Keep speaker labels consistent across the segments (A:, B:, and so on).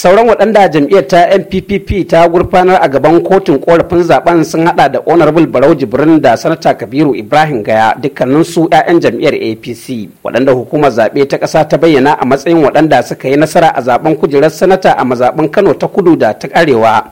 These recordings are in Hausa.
A: sauran waɗanda jam'iyyar ta npp ta gurfanar a gaban kotun korafin zaben sun hada da honorable barau jibrin da sanata kabiru ibrahim gaya dukkanin su 'ya'yan jam'iyyar apc waɗanda hukumar zaɓe ta ƙasa ta bayyana a matsayin waɗanda suka yi nasara a zaben kujerar sanata a mazaɓen kano ta kudu da ta arewa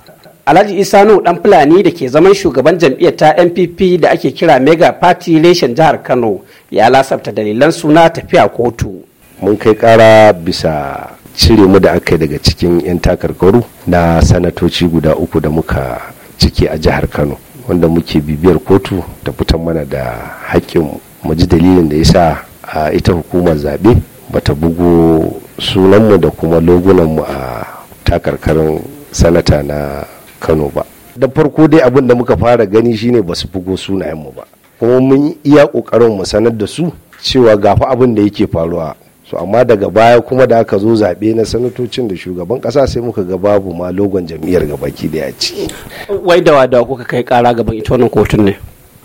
A: Alhaji Isanu dan Fulani da ke zaman shugaban jam'iyyar ta NPP da ake kira Mega Party Reshen jihar Kano ya lasafta dalilan suna tafiya kotu.
B: Mun kai kara bisa cire mu da aka yi daga cikin 'yan takarkaru na sanatoci guda uku da muka ciki a jihar kano wanda muke bibiyar kotu ta fitan mana da haƙƙin mu ji dalilin da ya sa a ita hukumar zaɓe bata bugu sunanmu da kuma logunanmu a takarkarin sanata na kano ba da farko dai abin da muka fara gani shine ba su bugo sunayenmu ba kuma mun iya ƙoƙarin mu sanar da su cewa gafa abin da yake faruwa so amma daga baya kuma da aka zo zaɓe na sanatocin da shugaban ƙasa sai muka ga babu ma logon jam'iyyar gabaki da ya ci
A: wai da wada kuka kai ƙara
B: gaban ita wannan kotun ne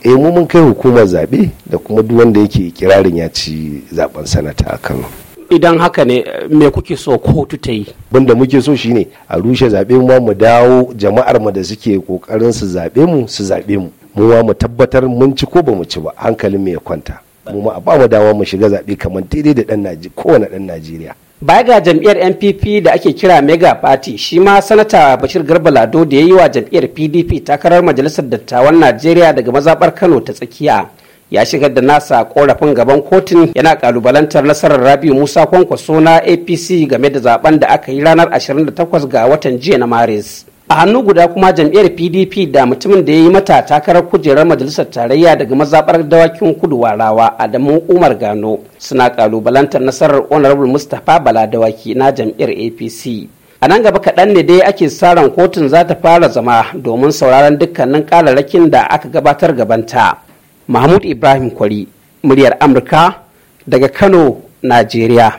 B: E, mu mun kai hukumar zaɓe da kuma duk wanda yake kirarin ya ci zaben sanata a Kano
A: idan haka ne me kuke so kotu ta yi Banda muke
B: so shine a rushe zaɓe mu mu dawo jama'ar mu da suke kokarin su zaɓe mu su zaɓe mu mu mu tabbatar mun ci ko ba mu ci ba hankalin mu ya kwanta mu ma ba mu dama mu shiga zaɓe kamar daidai da ɗan kowane ɗan najeriya
A: baya ga jam'iyyar npp da ake kira mega party shi ma sanata bashir garba lado da ya yi wa jam'iyyar pdp takarar majalisar dattawan najeriya daga mazaɓar kano ta tsakiya ya shigar da nasa korafin gaban kotun yana kalubalantar nasarar rabiu musa kwankwaso na apc game da zaben da aka yi ranar 28 ga watan jiya na maris a hannu guda kuma jam'iyyar pdp da mutumin da ya yi mata takarar kujerar majalisar tarayya daga mazaɓar dawakin kudu warawa adamu umar gano suna kalubalantar nasarar honorable mustapha bala dawaki na jam'iyyar apc a nan gaba kaɗan ne dai ake ran kotun za ta fara zama domin sauraron dukkanin ƙararrakin da aka gabatar gabanta mahmud ibrahim kwari muryar amurka daga kano najeriya